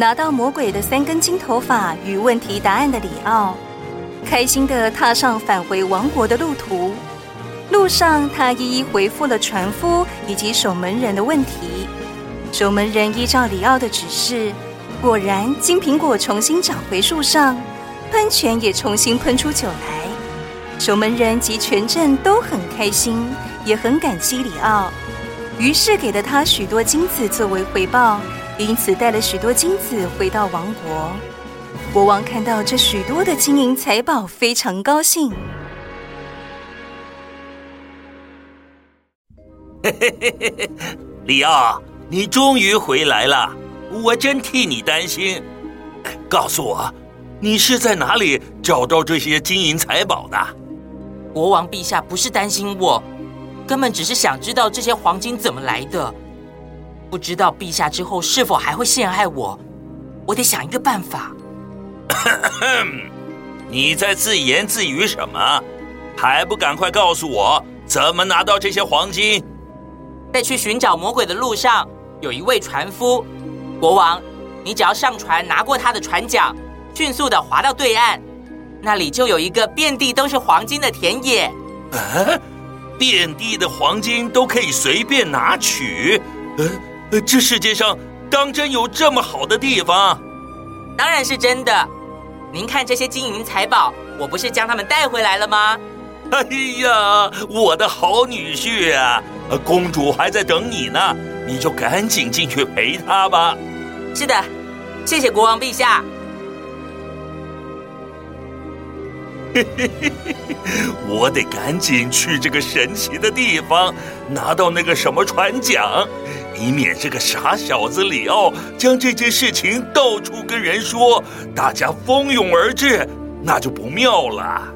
拿到魔鬼的三根金頭髮與問題答案的里奧，開心地踏上返回王國的路途。路上，他一一回復了船夫以及守門人的問題。守門人依照里奧的指示，果然金蘋果重新長回樹上，噴泉也重新噴出酒來。守門人及全鎮都很開心，也很感激里奧。於是給了他許多金子作為回報，因此帶了許多金子回到王國。國王看到這許多的金銀財寶，非常高興嘿嘿嘿。里奧，你終於回來了，我真替你擔心。告訴我，你是在哪裡找到這些金銀財寶的？「國王陛下不是擔心我。根本只是想知道這些黃金怎麼來的，不知道陛下之後是否還會陷害我，我得想一個辦法。你在自言自語什麼？還不趕快告訴我怎麼拿到這些黃金？在去尋找魔鬼的路上，有一位船夫。國王，你只要上船拿過他的船槳，迅速地劃到對岸，那裡就有一個遍地都是黃金的田野。啊！遍地的黃金都可以隨便拿取，呃，這世界上當真有這麼好的地方？當然是真的。您看這些金銀財寶，我不是將它們帶回來了嗎？哎呀，我的好女婿啊，公主還在等你呢，你就趕緊進去陪她吧。是的，謝謝國王陛下。嘿嘿嘿嘿，我得趕緊去這個神奇的地方，拿到那個什麼船槳，以免這個傻小子里奧將這件事情到處跟人說，大家蜂擁而至，那就不妙了。